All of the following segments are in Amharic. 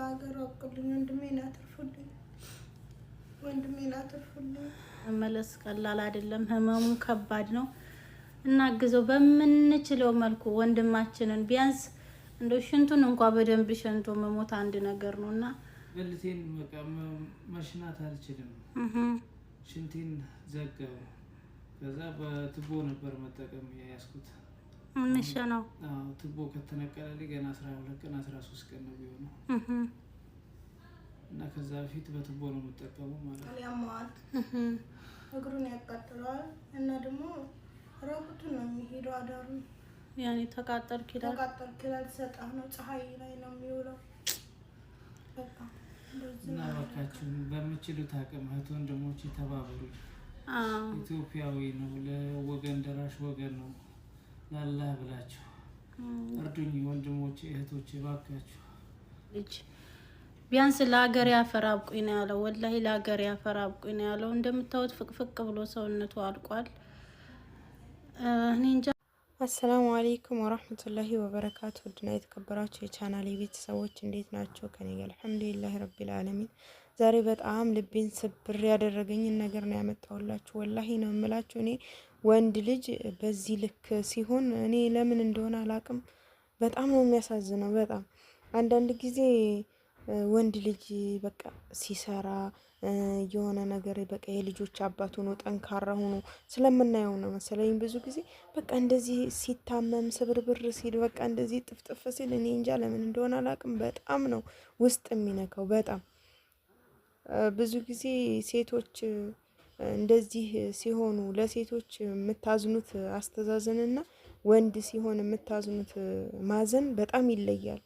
ለሀገር አብቅልኝ ወንድሜን አትርፉልኝ፣ ወንድሜን አትርፉልኝ። መለስ ቀላል አይደለም፣ ህመሙ ከባድ ነው። እናግዘው በምንችለው መልኩ ወንድማችንን ቢያንስ እንደ ሽንቱን እንኳ በደንብ ሸንቶ መሞት አንድ ነገር ነው እና በልቴን መሽናት አልችልም። ሽንቴን ዘገበ። ከዛ በትቦ ነበር መጠቀም ያያስኩት ምንሽ ነው ትቦ ከተነቀለ ገና አስራ ሁለት ቀን አስራ ሶስት ቀን ነው የሚሆነው እና ከዛ በፊት በትቦ ነው የምጠቀመው ማለት ነው። ያማዋል፣ እግሩን ያቃጥለዋል እና ደግሞ ረቁቱ ነው የሚሄደው አዳሩ ያኔ ተቃጠል ኪላል ተቃጠል ኪላል ሰጣህ ነው ፀሐይ ላይ ነው የሚውለው። እና እባካችሁ በምችሉት አቅም እህት ወንድሞች ተባበሩ። ኢትዮጵያዊ ነው ለወገን ደራሽ ወገን ነው ለአላህ ብላችሁ እርዱኝ ወንድሞቼ እህቶቼ ልጅ ቢያንስ ለሀገር ያፈር አብቁኝ ነው ያለው። ወላሂ ለሀገር ያፈር አብቁኝ ነው ያለው። እንደምታዩት ፍቅፍቅ ብሎ ሰውነቱ አልቋል። እኔ እንጃ። አሰላሙ አሌይኩም ወራህመቱላሂ ወበረካቱ። ውድና የተከበራችሁ የቻናል ቤተሰቦች እንዴት ናቸው? ከኔ ጋር አልሐምዱሊላህ ረቢል አለሚን ዛሬ በጣም ልቤን ስብር ያደረገኝን ነገር ነው ያመጣሁላችሁ። ወላሂ ነው የምላችሁ። እኔ ወንድ ልጅ በዚህ ልክ ሲሆን እኔ ለምን እንደሆነ አላቅም። በጣም ነው የሚያሳዝነው። በጣም አንዳንድ ጊዜ ወንድ ልጅ በቃ ሲሰራ የሆነ ነገር በቃ የልጆች አባት ሆኖ ጠንካራ ሆኖ ስለምናየው ነው መሰለኝ ብዙ ጊዜ በቃ እንደዚህ ሲታመም ስብርብር ሲል በቃ እንደዚህ ጥፍጥፍ ሲል እኔ እንጃ ለምን እንደሆነ አላቅም። በጣም ነው ውስጥ የሚነካው በጣም ብዙ ጊዜ ሴቶች እንደዚህ ሲሆኑ ለሴቶች የምታዝኑት አስተዛዘንና ወንድ ሲሆን የምታዝኑት ማዘን በጣም ይለያል።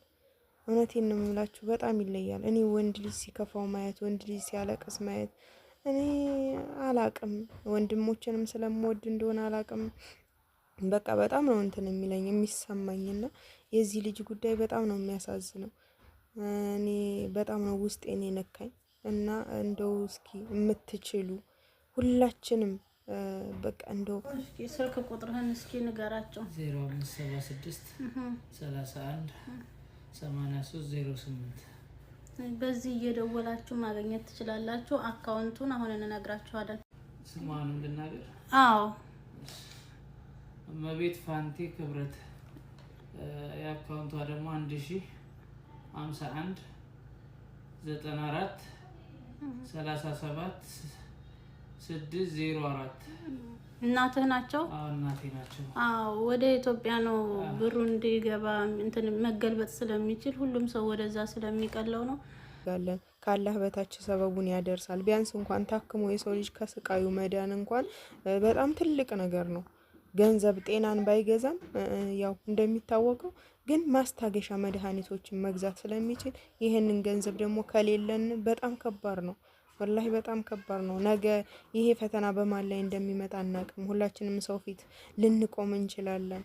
እውነቴን ነው የምላችሁ፣ በጣም ይለያል። እኔ ወንድ ልጅ ሲከፋው ማየት፣ ወንድ ልጅ ሲያለቅስ ማየት እኔ አላቅም። ወንድሞችንም ስለምወድ እንደሆነ አላቅም። በቃ በጣም ነው እንትን የሚለኝ የሚሰማኝና የዚህ ልጅ ጉዳይ በጣም ነው የሚያሳዝነው። እኔ በጣም ነው ውስጤን የነካኝ። እና እንደው እስኪ የምትችሉ ሁላችንም በቃ እንደው የስልክ ቁጥርህን እስኪ ንገራቸው። ዜሮ አምስት ሰባ ስድስት ሰላሳ አንድ ሰማንያ ሶስት ዜሮ ስምንት በዚህ እየደወላችሁ ማግኘት ትችላላችሁ። አካውንቱን አሁን እንነግራችኋለን። ስሟን እንድናገር? አዎ፣ እመቤት ፋንቴ ክብረት። የአካውንቷ ደግሞ አንድ ሺህ ሀምሳ አንድ ዘጠና አራት ሰላሳ ሰባት ስድስት ዜሮ አራት እናትህ ናቸው? እናቴ ናቸው። ወደ ኢትዮጵያ ነው ብሩ እንዲገባ እንትን መገልበጥ ስለሚችል ሁሉም ሰው ወደዛ ስለሚቀለው ነው። ካላህ በታች ሰበቡን ያደርሳል። ቢያንስ እንኳን ታክሞ የሰው ልጅ ከስቃዩ መዳን እንኳን በጣም ትልቅ ነገር ነው። ገንዘብ ጤናን ባይገዛም ያው እንደሚታወቀው ግን ማስታገሻ መድኃኒቶችን መግዛት ስለሚችል ይህንን ገንዘብ ደግሞ ከሌለን በጣም ከባድ ነው። ወላሂ በጣም ከባድ ነው። ነገ ይሄ ፈተና በማን ላይ እንደሚመጣ አናቅም። ሁላችንም ሰው ፊት ልንቆም እንችላለን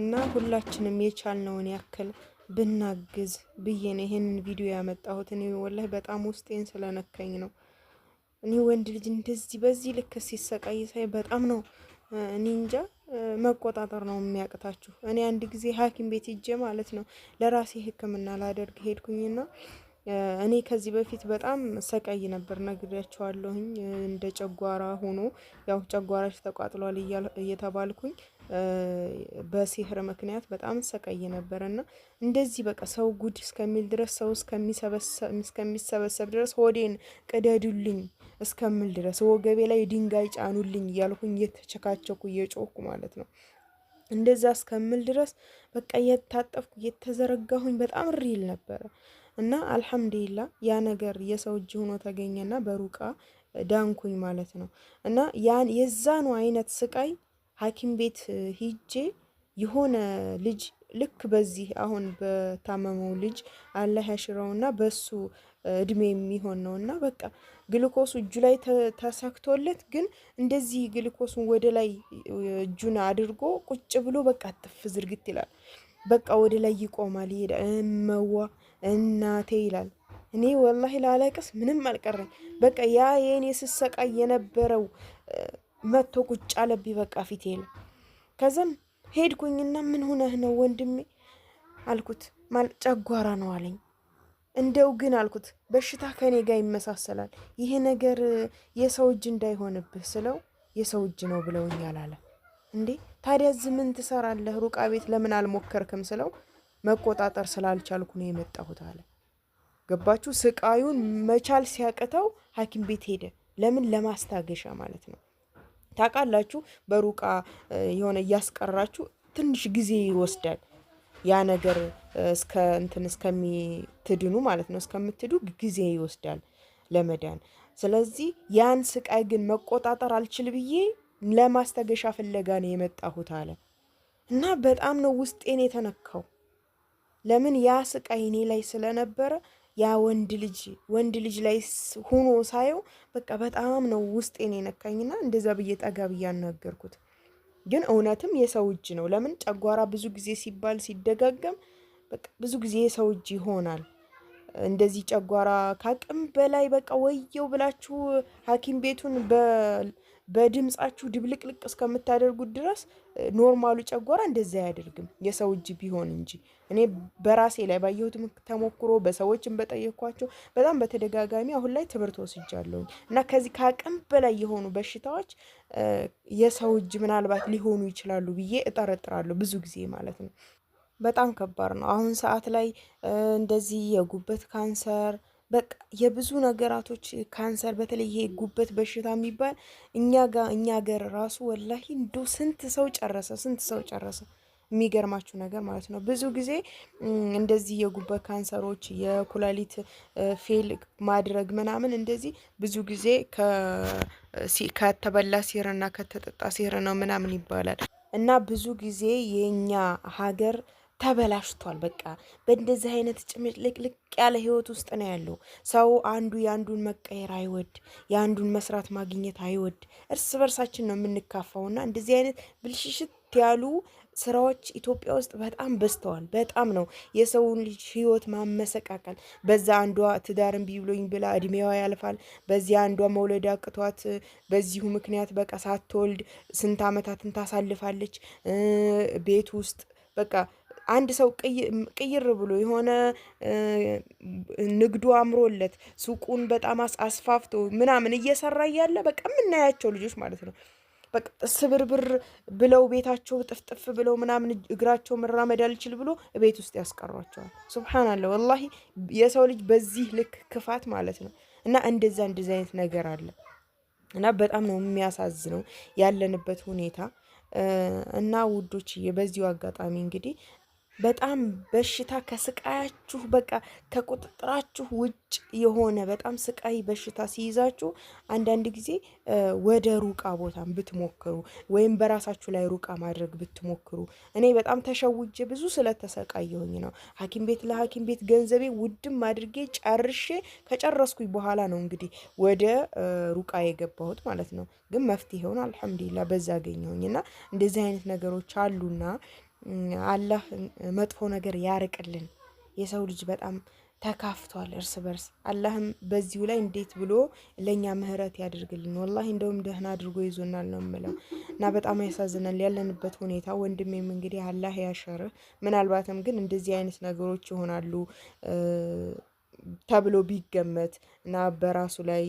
እና ሁላችንም የቻልነውን ያክል ብናግዝ ብዬ ነው ይህንን ቪዲዮ ያመጣሁት። እኔ ወላሂ በጣም ውስጤን ስለነካኝ ነው። እኔ ወንድ ልጅ እንደዚህ በዚህ ልክ ሲሰቃይ ሳይ በጣም ነው እኔ እንጃ መቆጣጠር ነው የሚያቅታችሁ። እኔ አንድ ጊዜ ሐኪም ቤት ሄጄ ማለት ነው ለራሴ ሕክምና ላደርግ ሄድኩኝና እኔ ከዚህ በፊት በጣም ሰቃይ ነበር ነግሬያቸዋለሁኝ። እንደ ጨጓራ ሆኖ ያው ጨጓራች ተቋጥሏል እየተባልኩኝ በሲህር ምክንያት በጣም ሰቃይ ነበር እና እንደዚህ በቃ ሰው ጉድ እስከሚል ድረስ ሰው እስከሚሰበሰብ ድረስ ሆዴን ቅደዱልኝ እስከምል ድረስ ወገቤ ላይ ድንጋይ ጫኑልኝ እያልኩኝ እየተቸካቸኩ እየጮኩ ማለት ነው እንደዛ እስከምል ድረስ በቃ እየታጠፍኩ እየተዘረጋሁኝ በጣም ሪል ነበረ እና አልሐምዱሊላ ያ ነገር የሰው እጅ ሆኖ ተገኘና በሩቃ ዳንኩኝ ማለት ነው። እና ያን የዛኑ አይነት ስቃይ ሐኪም ቤት ሂጄ የሆነ ልጅ ልክ በዚህ አሁን በታመመው ልጅ አላህ ያሽረውና በሱ እድሜ የሚሆን ነው እና በቃ ግልኮሱ እጁ ላይ ተሳክቶለት ግን እንደዚህ ግልኮሱን ወደ ላይ እጁን አድርጎ ቁጭ ብሎ በቃ ጥፍ ዝርግት ይላል። በቃ ወደ ላይ ይቆማል ይሄዳል። እመዋ እናቴ ይላል። እኔ ወላሂ ላለቅስ ምንም አልቀረኝ። በቃ ያ የኔ ስሰቃይ የነበረው መጥቶ ቁጭ አለብኝ በቃ ፊት ነው። ከዛም ሄድኩኝና ምን ሁነህ ነው ወንድሜ አልኩት። ጨጓራ ነው አለኝ። እንደው ግን አልኩት በሽታ ከኔ ጋር ይመሳሰላል፣ ይሄ ነገር የሰው እጅ እንዳይሆንብህ ስለው የሰው እጅ ነው ብለውኛል አለ። እንዴ ታዲያ እዚህ ምን ትሰራለህ? ሩቃ ቤት ለምን አልሞከርክም ስለው መቆጣጠር ስላልቻልኩ ነው የመጣሁት አለ። ገባችሁ? ስቃዩን መቻል ሲያቅተው ሐኪም ቤት ሄደ። ለምን? ለማስታገሻ ማለት ነው። ታውቃላችሁ፣ በሩቃ የሆነ እያስቀራችሁ ትንሽ ጊዜ ይወስዳል ያ ነገር እስከ እንትን እስከሚትድኑ ማለት ነው እስከምትዱ ጊዜ ይወስዳል ለመዳን። ስለዚህ ያን ስቃይ ግን መቆጣጠር አልችል ብዬ ለማስተገሻ ፍለጋ ነው የመጣሁት አለ እና በጣም ነው ውስጤን የተነካው። ለምን ያ ስቃይ እኔ ላይ ስለነበረ ያ ወንድ ልጅ ወንድ ልጅ ላይ ሁኖ ሳየው በቃ በጣም ነው ውስጤን የነካኝና እንደዛ ብዬ ጠጋ ብዬ አናገርኩት። ግን እውነትም የሰው እጅ ነው። ለምን ጨጓራ ብዙ ጊዜ ሲባል ሲደጋገም ብዙ ጊዜ የሰው እጅ ይሆናል። እንደዚህ ጨጓራ ከአቅም በላይ በቃ ወየው ብላችሁ ሐኪም ቤቱን በድምጻችሁ ድብልቅልቅ እስከምታደርጉት ድረስ ኖርማሉ ጨጓራ እንደዛ አያደርግም፣ የሰው እጅ ቢሆን እንጂ። እኔ በራሴ ላይ ባየሁት ተሞክሮ በሰዎችን በጠየኳቸው በጣም በተደጋጋሚ አሁን ላይ ትምህርት ወስጃለሁኝ እና ከዚህ ከአቅም በላይ የሆኑ በሽታዎች የሰው እጅ ምናልባት ሊሆኑ ይችላሉ ብዬ እጠረጥራለሁ ብዙ ጊዜ ማለት ነው። በጣም ከባድ ነው። አሁን ሰዓት ላይ እንደዚህ የጉበት ካንሰር በቃ የብዙ ነገራቶች ካንሰር በተለይ ይሄ ጉበት በሽታ የሚባል እኛ ጋ እኛ ሀገር ራሱ ወላሂ እንዶ ስንት ሰው ጨረሰ፣ ስንት ሰው ጨረሰ። የሚገርማችሁ ነገር ማለት ነው ብዙ ጊዜ እንደዚህ የጉበት ካንሰሮች የኩላሊት ፌል ማድረግ ምናምን እንደዚህ ብዙ ጊዜ ከተበላ ሲር እና ከተጠጣ ሲር ነው ምናምን ይባላል እና ብዙ ጊዜ የኛ ሀገር ተበላሽቷል። በቃ በእንደዚህ አይነት ጭምልቅልቅ ያለ ህይወት ውስጥ ነው ያለው ሰው። አንዱ የአንዱን መቀየር አይወድ፣ የአንዱን መስራት ማግኘት አይወድ። እርስ በርሳችን ነው የምንካፋውና እንደዚህ አይነት ብልሽሽት ያሉ ስራዎች ኢትዮጵያ ውስጥ በጣም በዝተዋል። በጣም ነው የሰውን ልጅ ህይወት ማመሰቃቀል። በዛ አንዷ ትዳርን እምቢ ብሎኝ ብላ እድሜዋ ያልፋል። በዚያ አንዷ መውለድ አቅቷት በዚሁ ምክንያት በቃ ሳትወልድ ስንት አመታትን ታሳልፋለች ቤት ውስጥ በቃ አንድ ሰው ቅይር ብሎ የሆነ ንግዱ አምሮለት ሱቁን በጣም አስፋፍቶ ምናምን እየሰራ እያለ በቃ የምናያቸው ልጆች ማለት ነው። በቃ ስብርብር ብለው ቤታቸው ጥፍጥፍ ብለው ምናምን እግራቸው መራመድ አልችል ብሎ ቤት ውስጥ ያስቀሯቸዋል። ሱብሃናላህ ወላሂ የሰው ልጅ በዚህ ልክ ክፋት ማለት ነው። እና እንደዛ እንደዚ አይነት ነገር አለ እና በጣም ነው የሚያሳዝነው ያለንበት ሁኔታ እና ውዶችዬ በዚሁ አጋጣሚ እንግዲህ በጣም በሽታ ከስቃያችሁ በቃ ከቁጥጥራችሁ ውጭ የሆነ በጣም ስቃይ በሽታ ሲይዛችሁ አንዳንድ ጊዜ ወደ ሩቃ ቦታም ብትሞክሩ ወይም በራሳችሁ ላይ ሩቃ ማድረግ ብትሞክሩ። እኔ በጣም ተሸውጄ ብዙ ስለተሰቃየሁኝ ነው ሐኪም ቤት ለሐኪም ቤት ገንዘቤ ውድም አድርጌ ጨርሼ ከጨረስኩኝ በኋላ ነው እንግዲህ ወደ ሩቃ የገባሁት ማለት ነው። ግን መፍትሄውን አልሐምዱሊላ በዛ አገኘሁኝ እና እንደዚህ አይነት ነገሮች አሉና አላህ መጥፎ ነገር ያርቅልን። የሰው ልጅ በጣም ተካፍቷል እርስ በርስ። አላህም በዚሁ ላይ እንዴት ብሎ ለእኛ ምህረት ያድርግልን። ወላሂ እንደውም ደህና አድርጎ ይዞናል ነው የምለው እና በጣም ያሳዝናል ያለንበት ሁኔታ። ወንድሜም እንግዲህ አላህ ያሸርህ። ምናልባትም ግን እንደዚህ አይነት ነገሮች ይሆናሉ ተብሎ ቢገመት እና በራሱ ላይ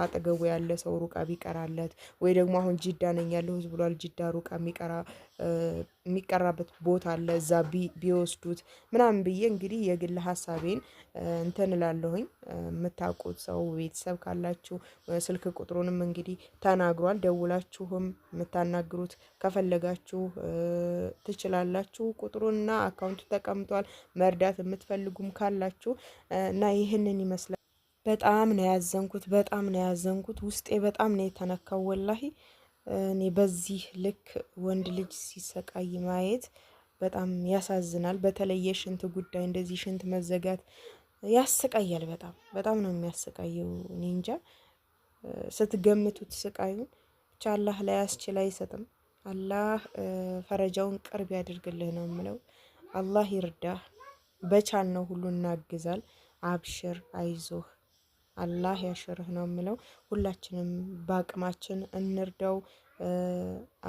አጠገቡ ያለ ሰው ሩቃ ቢቀራለት ወይ ደግሞ አሁን ጅዳ ነኝ ያለሁት ብሏል። ጅዳ ሩቃ የሚቀራ የሚቀራበት ቦታ አለ እዛ ቢወስዱት ምናምን ብዬ እንግዲህ የግል ሀሳቤን እንትን እላለሁኝ። የምታውቁት ሰው ቤተሰብ ካላችሁ ስልክ ቁጥሩንም እንግዲህ ተናግሯል። ደውላችሁም የምታናግሩት ከፈለጋችሁ ትችላላችሁ። ቁጥሩንና አካውንቱ ተቀምጧል። መርዳት የምትፈልጉም ካላችሁ እና ይህንን ይመስላል። በጣም ነው ያዘንኩት። በጣም ነው ያዘንኩት። ውስጤ በጣም ነው የተነካው ወላሂ እኔ በዚህ ልክ ወንድ ልጅ ሲሰቃይ ማየት በጣም ያሳዝናል። በተለይ የሽንት ጉዳይ እንደዚህ ሽንት መዘጋት ያሰቃያል። በጣም በጣም ነው የሚያሰቃየው። እኔ እንጃ ስትገምቱት ስቃዩን ብቻ አላህ ላይ አስችላ አይሰጥም። አላህ ፈረጃውን ቅርብ ያድርግልህ ነው የምለው። አላህ ይርዳህ። በቻል ነው ሁሉ እናግዛል። አብሽር አይዞህ። አላህ ያሽርህ ነው የምለው። ሁላችንም በአቅማችን እንርዳው።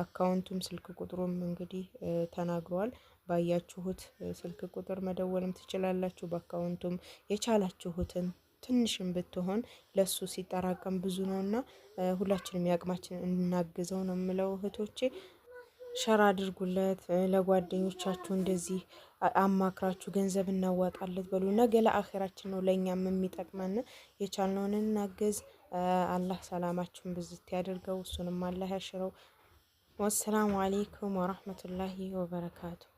አካውንቱም ስልክ ቁጥሩም እንግዲህ ተናግሯል። ባያችሁት ስልክ ቁጥር መደወልም ትችላላችሁ። በአካውንቱም የቻላችሁትን ትንሽም ብትሆን ለሱ ሲጠራቀም ብዙ ነውና ሁላችንም የአቅማችን እናግዘው ነው የምለው እህቶቼ። ሸር አድርጉለት ለጓደኞቻችሁ እንደዚህ አማክራችሁ ገንዘብ እናዋጣለት በሉ። ነገ ለአኼራችን ነው ለእኛም የሚጠቅመን። የቻልነውን እናገዝ። አላህ ሰላማችሁን ብዝት ያደርገው፣ እሱንም አላህ ያሽረው። ወሰላሙ አሌይኩም ወራህመቱላሂ ወበረካቱ።